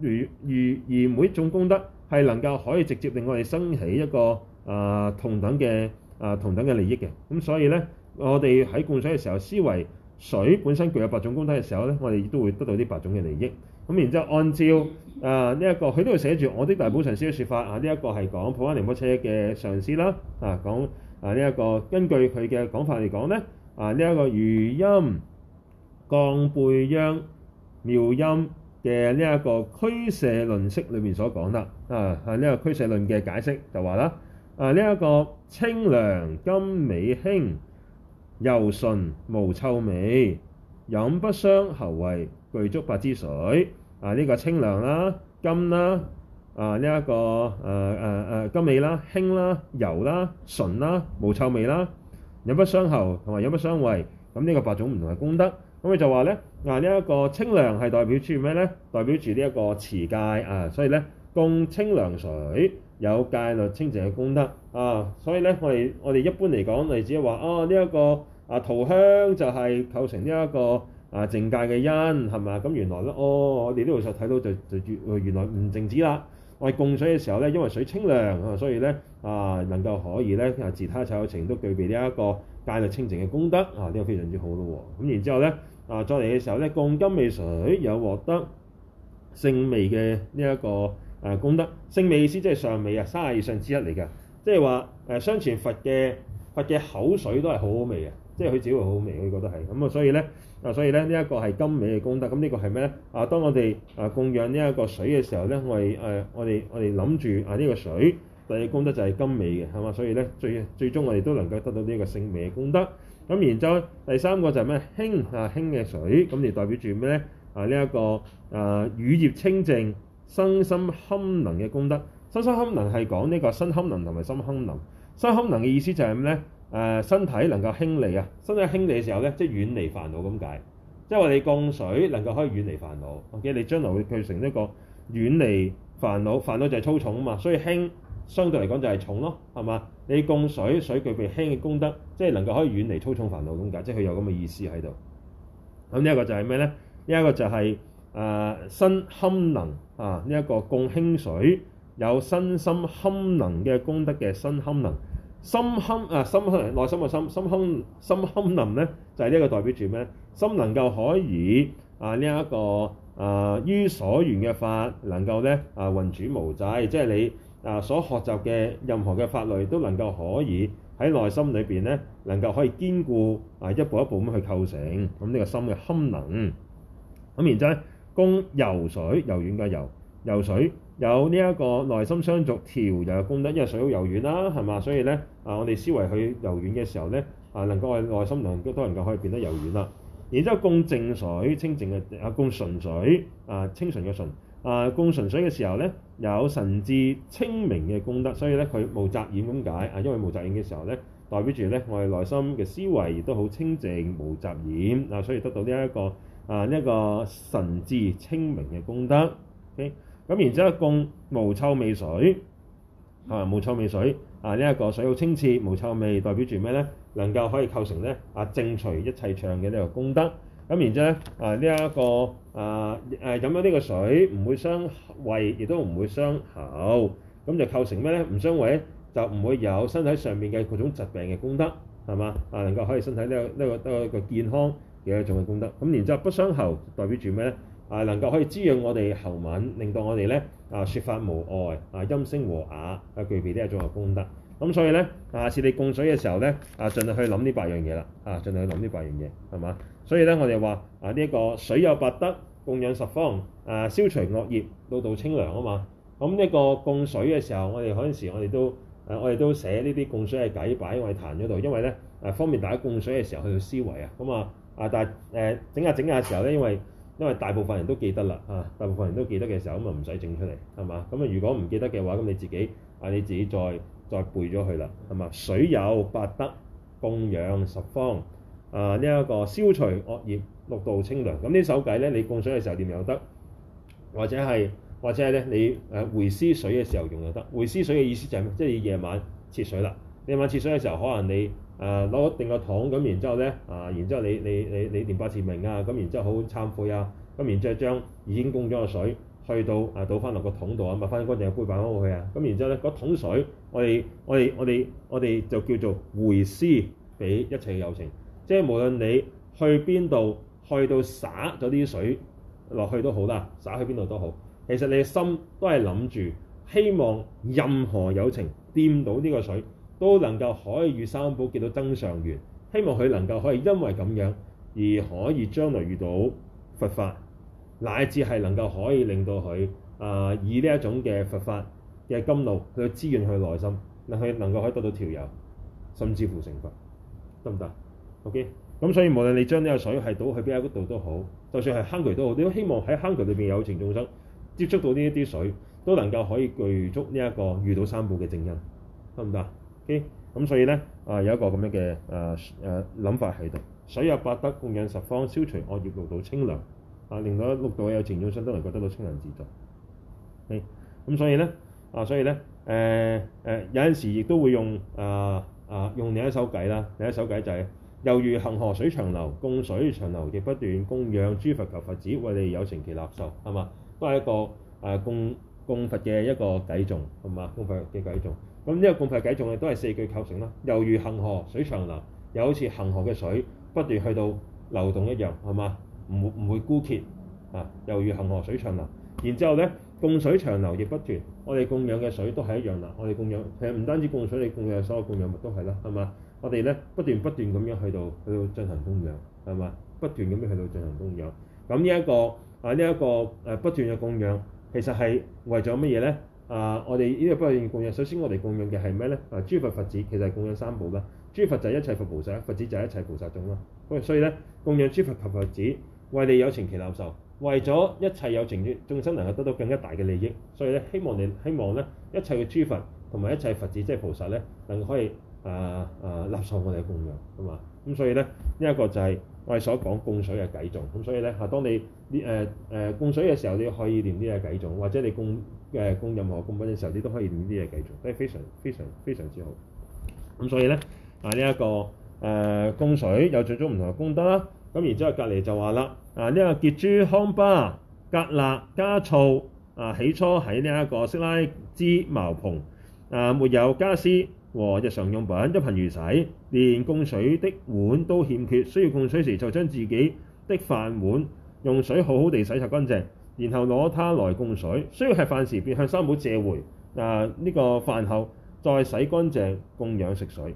如如而，而每一種功德係能夠可以直接令我哋生起一個、呃、同等嘅、呃、同等嘅利益嘅。咁、嗯、所以咧，我哋喺供水嘅時候思維水本身具有八種功德嘅時候咧，我哋亦都會得到呢八種嘅利益。咁然之後，按照啊呢一、這個，佢都係寫住《我的大寶上師》嘅說法啊，呢、這、一個係講普安仁波切嘅上師啦，啊講啊呢一、這個根據佢嘅講法嚟講咧，啊呢一、這個如欽絳貝央妙音嘅呢一個俱舍論釋裏面所講啦，啊呢個俱舍論嘅解釋就話啦，啊呢一、這個啊這個清涼甘美輕，柔純無臭味，飲不傷喉胃。具足八支水啊，呢、這個清涼啦、甘啦、啊呢一、這個誒誒誒甘味啦、輕啦、柔啦、純啦、冇臭味啦，飲不傷喉同埋飲不傷胃。咁呢個八種唔同嘅功德，咁佢就話咧，嗱呢一個清涼係代表住咩咧？代表住呢一個持戒啊，所以咧，供清涼水有戒律清淨嘅功德啊，所以咧，我哋我哋一般嚟講嚟，只係話啊呢一、這個啊塗香就係構成呢、這、一個。啊，靜界嘅因係咪？咁、啊、原來咧，哦，我哋呢度就睇到就就越原來唔靜止啦。我哋供水嘅時候咧，因為水清涼啊，所以咧啊，能夠可以咧啊，自他一切有情都具備呢一個戒律清淨嘅功德啊，呢、呢個非常之好咯、啊。咁然之後咧啊，再嚟嘅時候咧，供甘美水有獲得勝味嘅呢一個啊功德。勝味意思即係上味啊，三十二相之一嚟㗎，即係話誒，相傳佛嘅佛嘅口水都係好好味呀、就是、好好味嘅，即係佢只會好好味，佢覺得係咁啊，所以咧。嗱、啊，所以咧呢一、這個係甘美嘅功德，咁、嗯這個、呢個係咩咧？啊，當我哋啊供養呢一個水嘅時候咧，我係誒、呃、我哋我哋諗住啊呢、這個水第二功德就係甘美嘅，係嘛？所以咧最最終我哋都能夠得到呢一個勝味嘅功德。咁、嗯、然之後第三個就係咩？輕啊輕嘅水，咁就代表住咩咧？啊呢一、這個啊雨葉清淨、身心堪能嘅功德。身心堪能係講呢個身堪能同埋心堪能。身堪能嘅意思就係咩咧？誒、呃、身體能夠輕利啊！身體輕利嘅時候咧，即係遠離煩惱咁解。即係你供水能夠可以遠離煩惱。O.K. 你將來會變成一個遠離煩惱，煩惱就係粗重啊嘛。所以輕相對嚟講就係重咯，係嘛？你供水，水具備輕嘅功德，即係能夠可以遠離粗重煩惱咁解。即係佢有咁嘅意思喺度。咁呢一個就係咩咧？呢、這、一個就係、是、誒、呃、身堪能啊！呢、這、一個供清水有身心堪能嘅功德嘅身堪能。心堪啊，心堪內心嘅心，心堪心堪能咧就係呢一個代表住咩？心能夠可以啊呢一個啊於所緣嘅法能夠咧啊運轉無際，即、就、係、是、你啊所學習嘅任何嘅法律，都能夠可以喺內心裏邊咧能夠可以兼顧啊一步一步咁去構成咁呢個心嘅堪能。咁、啊、然之後咧，供游水，游遠嘅遊，游水。有呢一個內心相續調又有功德，因為水好柔軟啦，係嘛？所以咧啊，我哋思維去柔軟嘅時候咧啊，能夠係內心良都都能夠可以變得柔軟啦。然之後，供淨水清淨嘅啊，供純水啊，清純嘅純啊，供純水嘅時候咧，有神智清明嘅功德，所以咧佢冇雜染咁解啊。因為冇雜染嘅時候咧，代表住咧我哋內心嘅思維亦都好清淨冇雜染啊，所以得到呢一個啊呢一個神智清明嘅功德。O K。咁然之後，供無臭味水，啊無臭味水啊！呢、這、一個水好清澈、無臭味，代表住咩咧？能夠可以構成咧啊淨除一切障嘅呢個功德。咁然之後，啊呢一、這個啊誒飲咗呢個水，唔會傷胃，亦都唔會傷喉，咁就構成咩咧？唔傷胃就唔會有身體上面嘅各種疾病嘅功德，係嘛？啊能夠可以身體呢、這個呢、這個得一、這個這個這個健康嘅一種嘅功德。咁然之後不傷喉，代表住咩咧？誒、啊、能夠可以滋養我哋喉吻，令到我哋咧誒説法無礙，誒、啊、音聲和雅，係具備啲嘅種種功德。咁所以咧，下次你供水嘅時候咧，誒、啊、盡量去諗呢八樣嘢啦，誒、啊、盡量去諗呢八樣嘢，係嘛？所以咧，我哋話誒呢一個水有八德，供養十方，誒、啊、消除惡業，度度清涼啊嘛。咁呢個供水嘅時候，我哋嗰陣時我哋都誒、啊、我哋都寫呢啲供水嘅偈擺喺壇嗰度，因為咧誒、啊、方便大家供水嘅時候去思維啊。咁啊啊，但係誒、啊、整下整下嘅時候咧，因為因為大部分人都記得啦，啊，大部分人都記得嘅時候，咁啊唔使整出嚟，係嘛？咁啊，如果唔記得嘅話，咁你自己啊，你自己再再背咗佢啦，係嘛？水有八德，供養十方，啊呢一個消除惡業、六度清涼。咁、啊、呢首偈咧，你供水嘅時候掂又得，或者係或者係咧，你誒回絲水嘅時候用就得。回絲水嘅意思咩？就係即係夜晚撤水啦。夜晚撤水嘅時候，可能你，誒、啊、攞定個桶，咁然之後咧，啊，然之後你你你你念八次名啊，咁然之後好好懺悔啊，咁然之後將已經供咗嘅水去到啊倒翻落個桶度啊，抹翻乾淨嘅杯板嗰個去啊，咁然之後咧嗰桶水，我哋我哋我哋我哋就叫做回施俾一切嘅有情，即係無論你去邊度，去到灑咗啲水落去都好啦，灑去邊度都好，其實你嘅心都係諗住希望任何有情掂到呢個水。都能夠可以與三寶見到增上緣，希望佢能夠可以因為咁樣而可以將來遇到佛法，乃至係能夠可以令到佢啊、呃、以呢一種嘅佛法嘅甘露去滋潤佢內心，令佢能夠可以得到調柔，甚至乎成佛得唔得？OK，咁所以無論你將呢個水係倒喺邊一度都好，就算係坑渠都好，你都希望喺坑渠裏邊有情眾生接觸到呢一啲水，都能夠可以具足呢一個遇到三寶嘅正因，得唔得？咁、okay，所以咧啊，有一個咁樣嘅誒誒諗法喺度。水有八德，供養十方，消除惡業，六道清涼。啊，令到六道嘅有情眾生都能夠得到清涼自在。咁、okay，所以咧啊，所以咧誒誒，有陣時亦都會用啊啊，啊，啊，啊，啊，啊，用另一首偈啦，另一首偈就係、是、猶如恒河水長流，供水長流，亦不斷供養諸佛及佛子，為你有情祈納受，係嘛？都係一個誒供。啊供佛嘅一個偈重，係嘛？供佛嘅偈重，咁呢個供佛偈重咧都係四句構成啦。猶如恒河水長流，又好似恒河嘅水不斷去到流動一樣，係嘛？唔唔會枯竭啊！猶如恒河水長流，然之後咧供水長流亦不斷，我哋供養嘅水都係一樣啦。我哋供養其實唔單止供水，你供養所有供養物都係啦，係嘛？我哋咧不斷不斷咁樣去到去到進行供養，係嘛？不斷咁樣去到進行供養。咁呢一個啊呢一個誒不斷嘅供養。其實係為咗乜嘢咧？啊，我哋呢個不愛供養。首先，我哋供養嘅係咩咧？啊，諸佛佛子其實係供養三寶啦。諸佛就係一切佛菩薩，佛子就係一切菩薩眾啦。咁所以咧，供養諸佛及佛子，為利有情其納受，為咗一切有情眾生能夠得到更加大嘅利益，所以咧希望你希望咧一切嘅諸佛同埋一切佛子即係菩薩咧，能夠可以啊啊納受我哋嘅供養，係嘛？咁所以咧，呢一個就係。我哋所講供水嘅計重，咁所以咧嚇，當你呢誒誒供水嘅時候，你可以念啲嘢計重，或者你供誒、呃、供任何供品嘅時候，你都可以念啲嘢計重，都係非常非常非常之好。咁所以咧啊，呢、這、一個誒、呃、供水有種種唔同嘅功德啦。咁然之後隔離就話啦，啊呢、啊這個傑珠康巴格勒嘉措，啊，起初喺呢一個色拉孜茅篷，啊，沒有家私和日常用品，一貧如洗。連供水的碗都欠缺，需要供水時就將自己的飯碗用水好好地洗刷乾淨，然後攞它來供水。需要吃飯時便向三寶借回啊！呢、呃這個飯後再洗乾淨，供養食水。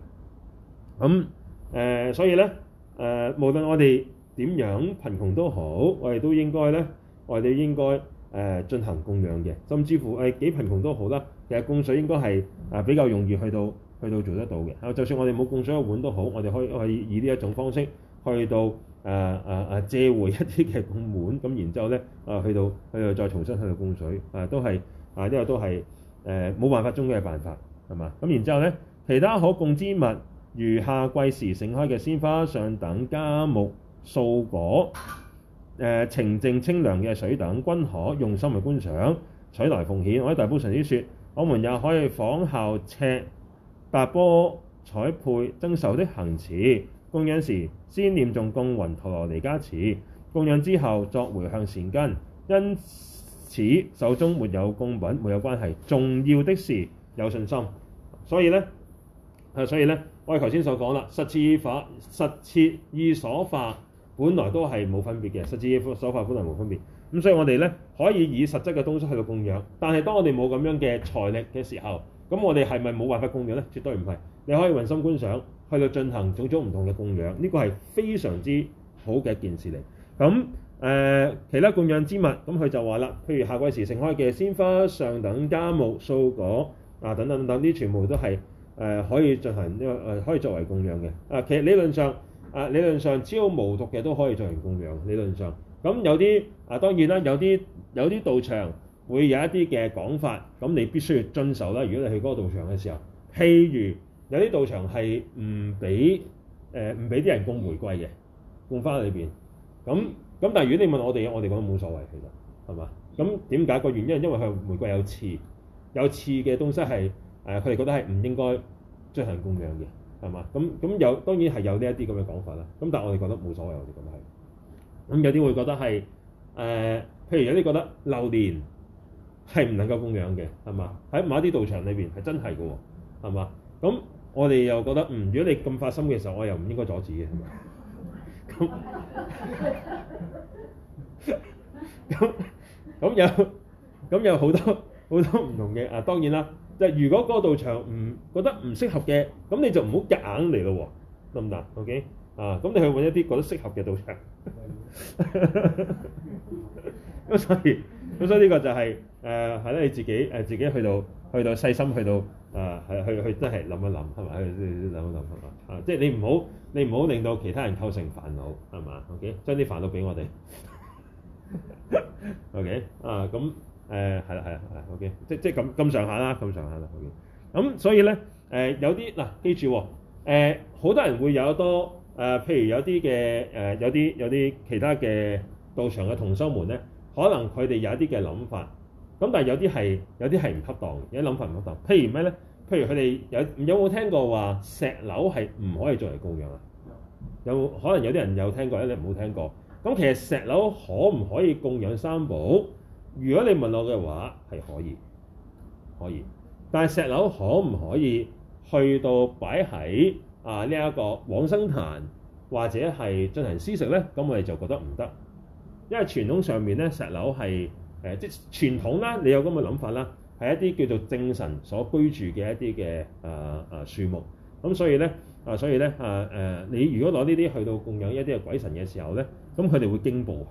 咁、嗯、誒、呃，所以咧誒、呃，無論我哋點樣貧窮都好，我哋都應該咧，我哋應該誒進行供養嘅，甚至乎誒幾貧窮都好啦。其實供水應該係啊比較容易去到。去到做得到嘅啊，就算我哋冇供水嘅碗都好，我哋可以可以以呢一種方式去到啊啊啊借回一啲嘅供碗咁，然之後咧啊，去到去到再重新去到供水啊，都係啊呢個都係誒冇辦法中嘅辦法係嘛？咁然之後咧，其他可供之物，如夏季時盛開嘅鮮花、上等加木、素果、誒澄淨清涼嘅水等，均可用心去觀想、取來奉獻。我喺大寶上師說我們也可以仿效赤。白波彩沛增壽的行持，供養時先念誦供養雲陀羅尼加持，供養之後作回向善根，因此手中沒有供品沒有關係，重要的是有信心。所以咧，所以咧，我哋頭先所講啦，實質法、實質意所化法，本來都係冇分別嘅，實質意所化法本來冇分別。咁所以我哋咧可以以實質嘅東西去到供養，但係當我哋冇咁樣嘅財力嘅時候，咁我哋係咪冇辦法供養咧？絕對唔係，你可以運心觀想，去到進行種種唔同嘅供養，呢個係非常之好嘅一件事嚟。咁、呃、其他供養之物，咁佢就話啦，譬如夏季時盛開嘅鮮花、上等嘉木、蔬果啊等等等啲，全部都係、呃、可以進行呢個、呃、可以作為供養嘅。啊，其實理論上啊，理論上只要、啊、無毒嘅都可以作為供養。理論上，咁有啲啊，當然啦，有啲有啲道場。會有一啲嘅講法，咁你必須要遵守啦。如果你去嗰個道場嘅時候，譬如有啲道場係唔俾誒唔俾啲人供玫瑰嘅，供翻去裏邊。咁咁，但係如果你問我哋，我哋覺得冇所謂，其實係嘛？咁點解個原因？因為佢玫瑰有刺，有刺嘅東西係誒，佢、呃、哋覺得係唔應該進行供養嘅，係嘛？咁咁有當然係有呢一啲咁嘅講法啦。咁但係我哋覺得冇所謂，我哋咁係。咁有啲會覺得係誒、呃，譬如有啲覺得榴蓮，係唔能夠供養嘅，係嘛？喺某一啲道場裏邊係真係㗎喎，係嘛？咁我哋又覺得，嗯，如果你咁發心嘅時候，我又唔應該阻止嘅，係嘛？咁咁咁有咁有好多好多唔同嘅啊，當然啦，就如果嗰道場唔覺得唔適合嘅，咁你就唔好夾硬嚟咯，得唔得？OK 啊，咁你去揾一啲覺得適合嘅道場。咁 所以咁所以呢個就係、是。係啦，你自己誒自己去到去到細心，去到啊係去去，都係諗一諗係嘛？諗一諗係嘛？啊！即係你唔好你唔好令到其他人構成煩惱係嘛？OK，將啲煩惱俾我哋 OK 啊？咁誒係啦係啦係 OK，即即係咁咁上下啦咁上下啦。OK，咁所以咧誒有啲嗱記住誒，好多人會有多誒，譬如有啲嘅誒，有啲有啲其他嘅道場嘅同修們咧，可能佢哋有一啲嘅諗法。咁但係有啲係有啲係唔恰當，有啲諗法唔恰當。譬如咩咧？譬如佢哋有有冇聽過話石榴係唔可以作嚟供養啊？有，有可能有啲人有聽過，你有啲人冇聽過。咁其實石榴可唔可以供養三寶？如果你問我嘅話係可以，可以。但係石榴可唔可以去到擺喺啊呢一個往生壇或者係進行施食咧？咁我哋就覺得唔得，因為傳統上面咧石榴係。誒、呃、即係傳統啦，你有咁嘅諗法啦，係一啲叫做正神所居住嘅一啲嘅誒誒樹木，咁所以咧啊、呃，所以咧、呃、你如果攞呢啲去到供養一啲嘅鬼神嘅時候咧，咁佢哋會驚怖，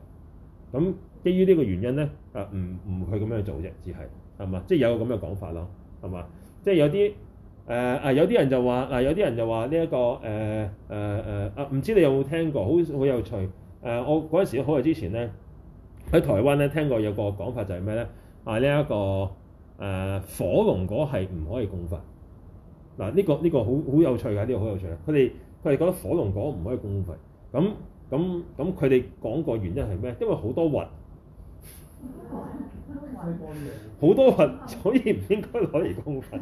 咁基於呢個原因咧，啊唔唔去咁樣做啫，只係係嘛，即係有咁嘅講法咯，係嘛，即係有啲啊，有啲人就話啊，有啲人就話呢一個啊，唔知你有冇聽過，好好有趣、呃、我嗰陣時好耐之前咧。喺台灣咧聽過有個講法就係咩咧？啊呢一、這個誒、呃、火龍果係唔可以供佛。嗱、啊、呢、這個呢、這個好好有趣嘅，呢、這個好有趣。佢哋佢哋覺得火龍果唔可以供佛。咁咁咁，佢哋講個原因係咩？因為好多核，好多核，所以唔應該攞嚟供佛。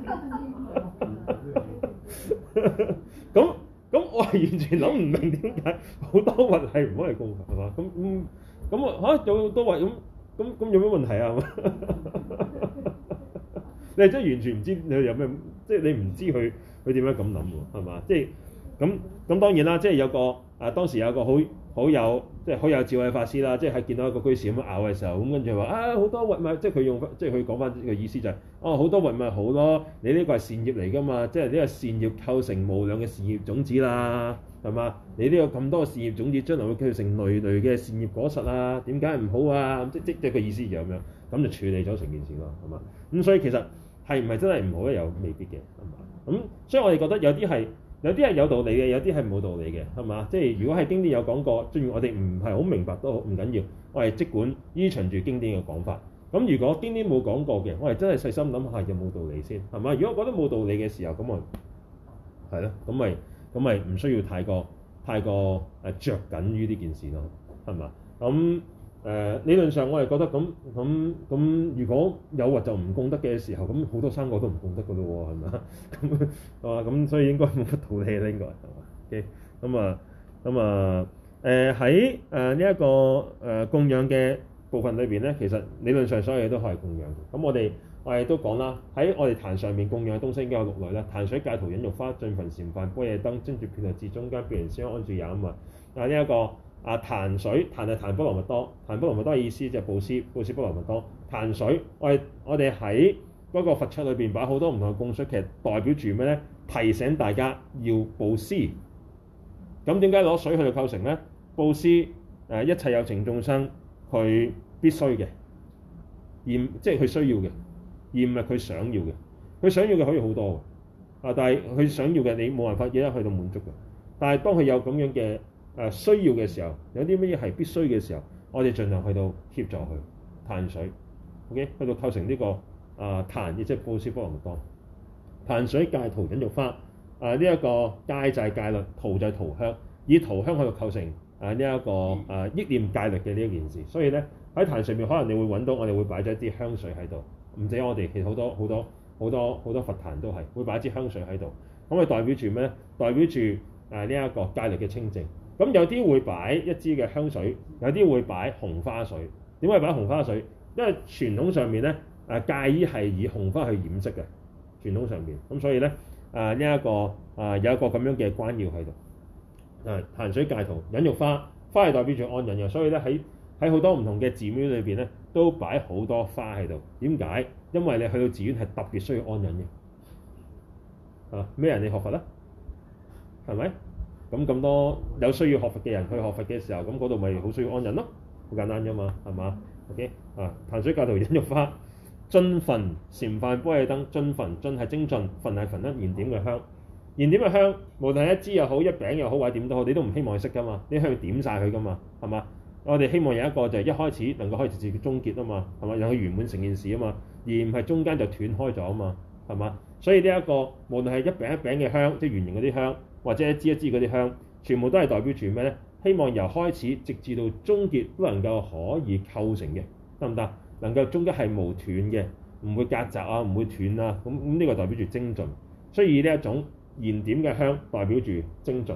咁 咁， 我係完全諗唔明點解好多核係唔可以供佛係嘛？咁嗯。咁我吓有多蚊，咁咁咁有咩問題啊？ 你真係完全唔知道他有，就是，你有咩，即係你唔知佢佢點樣咁諗喎？係嘛？即係咁咁，當然啦，即，就，係，是，有個啊，當時有一個好好有即係好有智慧法師啦，即係喺見到一個居士咁樣咬嘅時候，咁跟住話啊好多蚊咪，即係佢用即係佢講返個意思就係哦，好多蚊咪好咯，你呢個係善業嚟㗎嘛？即係呢個善業構成無量嘅善業種子啦。係嘛？你都有咁多事業種子，總將來會結成累累嘅事業果實啊？點解唔好啊？即即即個意思就咁樣，咁就處理咗成件事咯，係嘛？咁所以其實係唔係真係唔好咧？又未必嘅，係嘛？咁所以我哋覺得有啲係有啲係有道理嘅，有啲係冇道理嘅，係嘛？即係如果係經典有講過，正如我哋唔係好明白都唔緊要，我係即管依循住經典嘅講法。咁如果經典冇講過嘅，我係真係細心諗下有冇道理先，係嘛？如果我覺得冇道理嘅時候，咁我係咯，咁咪。咁咪唔需要太過太過誒著緊於呢件事咯，係嘛？咁、嗯呃、理論上我係覺得咁咁咁，如果有核就唔供得嘅時候，咁好多生果都唔供得噶咯喎，係咪？咁啊咁，所以應該冇乜道理應該，係嘛？O K，咁啊咁啊喺呢一個共、呃、供養嘅部分裏邊咧，其實理論上所有嘢都可以供養嘅。咁、嗯、我哋。我哋都講啦，喺我哋壇上面供養嘅東西應該有六類啦。壇水、戒塗、忍辱花、進焚、禪飯般若燈、真珠片頭至中間，必然先安住。飲物。啊，呢、這、一個啊，壇水壇就壇波羅蜜多，壇波羅蜜多嘅意思就係布施，布施波羅蜜多。壇水，我哋我哋喺嗰個佛窗裏面擺好多唔同嘅供物，其實代表住咩咧？提醒大家要布施。咁點解攞水去嚟構成咧？布施、啊、一切有情眾生佢必須嘅，而即係佢需要嘅。而唔係佢想要嘅，佢想要嘅可以好多嘅，啊！但係佢想要嘅，你冇辦法一一去到滿足嘅。但係當佢有咁樣嘅誒、呃、需要嘅時候，有啲乜嘢係必須嘅時候，我哋盡量去到協助佢。檀水，OK，去到構成呢、這個啊檀，亦即係布施波羅蜜多。檀水戒塗忍辱花，啊、呃！呢、這、一個戒就係戒律，塗就係塗香，以塗香去到構成、呃這個、啊呢一個啊憶念戒律嘅呢一件事。所以咧喺壇上面，可能你會揾到我哋會擺咗一啲香水喺度。唔止我哋，其實好多好多好多好多佛壇都係會擺一支香水喺度，咁啊代表住咩？代表住誒呢一個戒律嘅清淨。咁有啲會擺一支嘅香水，有啲會擺紅花水。點解擺紅花水？因為傳統上面咧誒戒衣係以紅花去染色嘅，傳統上面。咁所以咧呢一、呃這個、呃、有一個咁樣嘅關要喺度。誒、檀水戒塗忍辱花，花係代表住安忍嘅，所以咧喺喺好多唔同嘅寺院裏邊咧，都擺好多花喺度。點解？因為你去到寺院係特別需要安忍嘅啊。咩人哋學佛啦？係咪？咁咁多有需要學佛嘅人去學佛嘅時候，咁嗰度咪好需要安忍咯？好簡單啫嘛，係嘛？OK 啊，潭水教徒忍辱花，進焚禪飯玻璃燈，進焚進係精進，焚係焚得燃點嘅香。燃點嘅香，無論係一支又好，一餅又好，或者點都好，你都唔希望佢熄㗎嘛？你希望點晒佢㗎嘛？係嘛？我哋希望有一個就係一開始能夠開始至到終結啊嘛，係咪？能夠圓滿成件事啊嘛，而唔係中間就斷開咗啊嘛，係嘛？所以呢、這個、一個無論係一餅一餅嘅香，即係圓形嗰啲香，或者一支一支嗰啲香，全部都係代表住咩咧？希望由開始直至到終結都能夠可以構成嘅，得唔得？能夠中間係無斷嘅，唔會夾雜啊，唔會斷啊。咁咁呢個代表住精進，所以呢一種燃點嘅香代表住精進，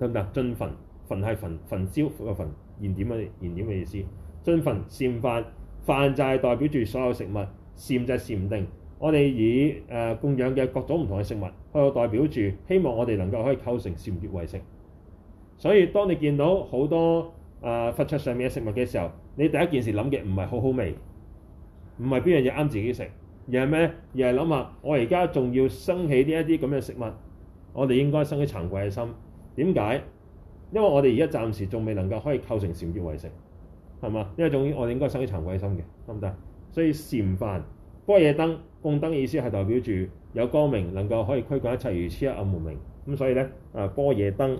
得唔得？進焚焚，焚，焚焚係焚焚燒嗰個焚燃點嘅燃點嘅意思，真飯禪飯，飯就係代表住所有食物，禪就係禪定。我哋以誒供養嘅各種唔同嘅食物，去代表住希望我哋能夠可以構成禪悅為食。所以當你見到好多誒佛桌上面嘅食物嘅時候，你第一件事諗嘅唔係好好味，唔係邊樣嘢啱自己食，而係咩？而係諗下我而家仲要生起呢一啲咁嘅食物，我哋應該生起慚愧嘅心。點解？因為我哋而家暫時仲未能夠可以構成閃電衛星，係嘛？因為總我哋應該生於慚愧心嘅，得唔得？所以禪飯、波夜燈、供燈意思係代表住有光明能夠可以驅趕一切如痴一暗無明。咁所以咧，啊波夜燈，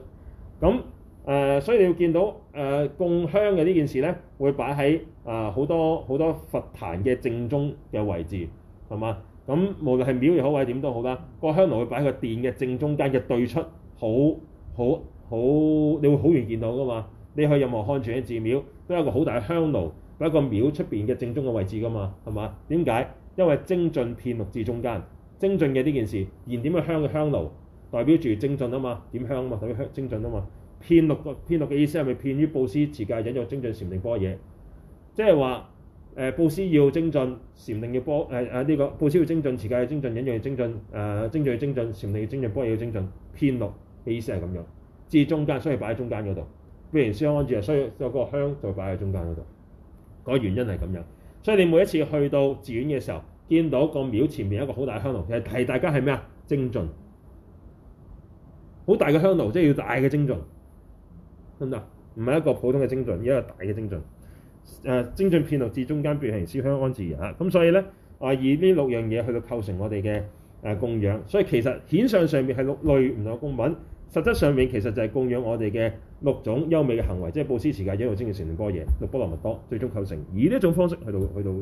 咁誒、呃，所以你要見到誒供、呃、香嘅呢件事咧，會擺喺啊好多好多佛壇嘅正中嘅位置，係嘛？咁無論係廟又好，或者點都好啦，香在個香爐會擺喺個殿嘅正中間嘅對出，好好。很好，你會好容易見到噶嘛？你去任何漢傳嘅寺廟，都有個好大嘅香爐，一個廟出邊嘅正中嘅位置噶嘛，係嘛？點解？因為精進遍六字中間，精進嘅呢件事燃點嘅香嘅香爐，代表住精進啊嘛，點香啊嘛，代表香精進啊嘛。遍六個遍六嘅意思係咪遍於布施、持戒、忍辱、精進、禪定、波耶？即係話誒，布施要精進，禪定嘅波誒誒呢個布施要精進，持戒、呃、要精進，忍辱要精進，誒精進精進，禪定嘅精進波耶要精進，遍六嘅意思係咁樣。至中間，所以擺喺中間嗰度。變形燒香安置啊，需要有個香就擺喺中間嗰度。個原因係咁樣，所以你每一次去到寺院嘅時候，見到個廟前面有一個好大嘅香爐，其實提大家係咩啊？精進，好大嘅香爐，即係要大嘅精進，得唔得？唔係一個普通嘅精進，而係一個大嘅精進。誒，精進片落至中間，變形燒香安置嚇。咁所以咧，啊以呢六樣嘢去到構成我哋嘅誒供養。所以其實顯相上面係六類唔同嘅供品。實質上面其實就係供養我哋嘅六種優美嘅行為，即係布施一時間，因為精進成多嘢，六波羅蜜多最終構成，以呢一種方式去到去到去到，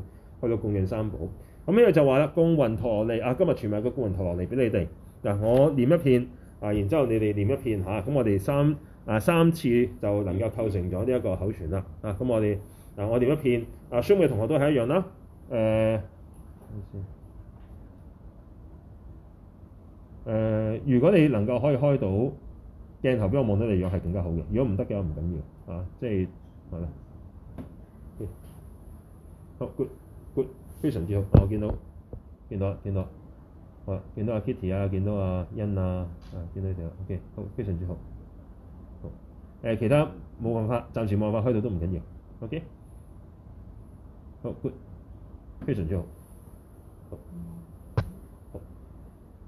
去到供養三寶。咁呢個就話啦，供雲陀羅尼。啊，今日傳埋個供雲陀羅尼俾你哋嗱、啊，我念一片啊，然之後你哋念一片嚇，咁、啊、我哋三啊三次就能夠構成咗呢一個口傳啦啊，咁我哋嗱、啊、我念一片啊，書目嘅同學都係一樣啦，誒、啊。誒、呃，如果你能夠可以開到鏡頭邊，畀我望到你樣係更加好嘅。如果唔得嘅話，我唔緊要啊，即係係咯。好，good，good，good，非常之好、啊。我見到，見到，見到。好、啊，見到阿 Kitty 啊，見到阿、啊、欣啊，啊，見到你、這、哋、個。OK，好，非常之好。好，誒、啊，其他冇辦法，暫時冇辦法開到都唔緊要。OK 好。好，good，非常之好。好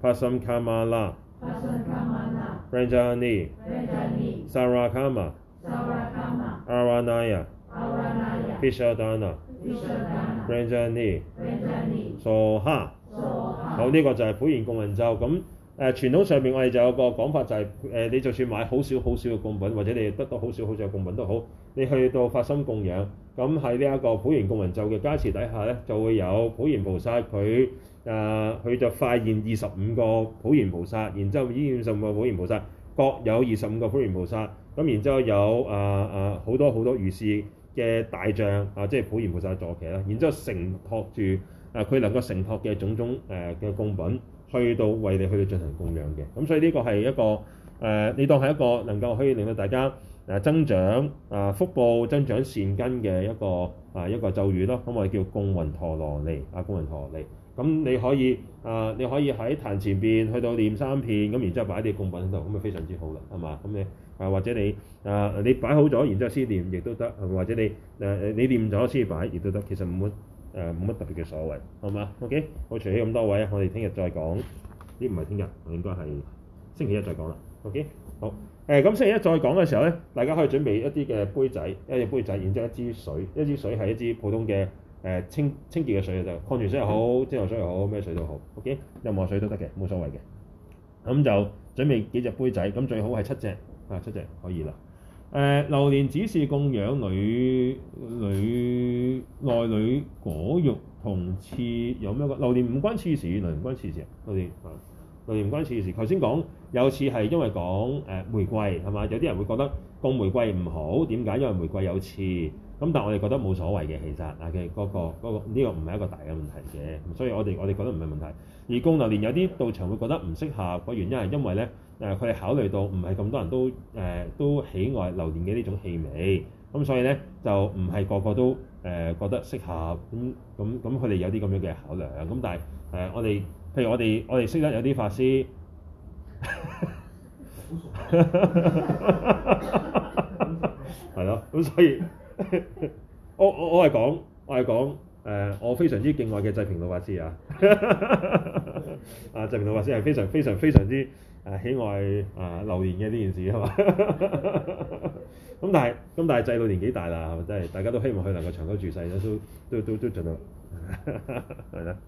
帕森卡瑪拉、弗蘭扎尼、薩拉卡瑪、阿瓦尼 n 比舍 s o h a s o h 哈。弦弦 knia, 弦 ğa, 好，呢、這個就係普賢供雲咒。咁誒，傳、呃、統上面我哋就有個講法、就是，就係誒，你就算買好少好少嘅供品，或者你得到好少好少嘅供品都好，你去到發心供養，咁喺呢一個普賢供雲咒嘅加持底下咧，就會有普賢菩薩佢。誒、啊，佢就發現二十五個普賢菩薩，然之後依五十五個普賢菩薩各有二十五個普賢菩薩，咁然之後有誒誒好多好多如是嘅大象啊，即係普賢菩薩嘅坐騎啦。然之後承托住誒佢能夠承托嘅種種誒嘅、啊、供品，去到為你去進行供養嘅。咁所以呢個係一個誒、啊，你當係一個能夠可以令到大家誒增長啊福報、增長善根嘅一個啊一個咒語咯。咁、啊、我哋叫供雲陀羅尼啊，供雲陀羅尼。咁你可以啊、呃，你可以喺壇前邊去到唸三遍，咁然之後擺啲供品喺度，咁啊非常之好啦，係嘛？咁你啊或者你啊你擺好咗，然之後先唸亦都得，或者你誒、呃、你唸咗先擺亦都得，其實冇誒冇乜特別嘅所謂，係嘛？OK，我隨喜咁多位，我哋聽日再講，呢唔係聽日，應該係星期一再講啦。OK，好，誒、呃、咁星期一再講嘅時候咧，大家可以準備一啲嘅杯仔，一隻杯，杯仔，然之後一支水，一支水係一支普通嘅。清清潔嘅水就礦泉水又好，蒸餾水又好，咩水都好，OK，任何水都得嘅，冇所謂嘅。咁就準備幾隻杯仔，咁最好係七隻啊，七隻可以啦。誒、呃，榴蓮只是供養女女內裡果肉同刺有咩個，榴蓮唔關刺事，榴蓮唔關、啊啊、關刺事。榴蓮啊，榴蓮唔關刺事。頭先講有刺係因為講誒、呃、玫瑰係嘛？有啲人會覺得供玫瑰唔好，點解？因為玫瑰有刺。咁、嗯、但係我哋覺得冇所謂嘅，其實啊其嗰個嗰、那個呢、這個唔係一個大嘅問題嘅，所以我哋我哋覺得唔係問題。而供榴蓮有啲道場會覺得唔適合，個原因係因為咧誒，佢、呃、哋考慮到唔係咁多人都誒、呃、都喜愛榴蓮嘅呢種氣味，咁、嗯、所以咧就唔係個個都誒、呃、覺得適合。咁咁咁，佢哋有啲咁樣嘅考量。咁、嗯、但係誒、呃，我哋譬如我哋我哋識得有啲法師，係 咯， 咁所以。 我我我係講，我係講誒，我非常之敬愛嘅濟平老法師啊！ 啊，濟平老法師係非常非常非常之誒喜愛啊留言嘅呢件事啊嘛。咁但係，咁但係濟老年紀大啦，係咪真係？大家都希望佢能夠長久住世咧，都都都都盡量係啦。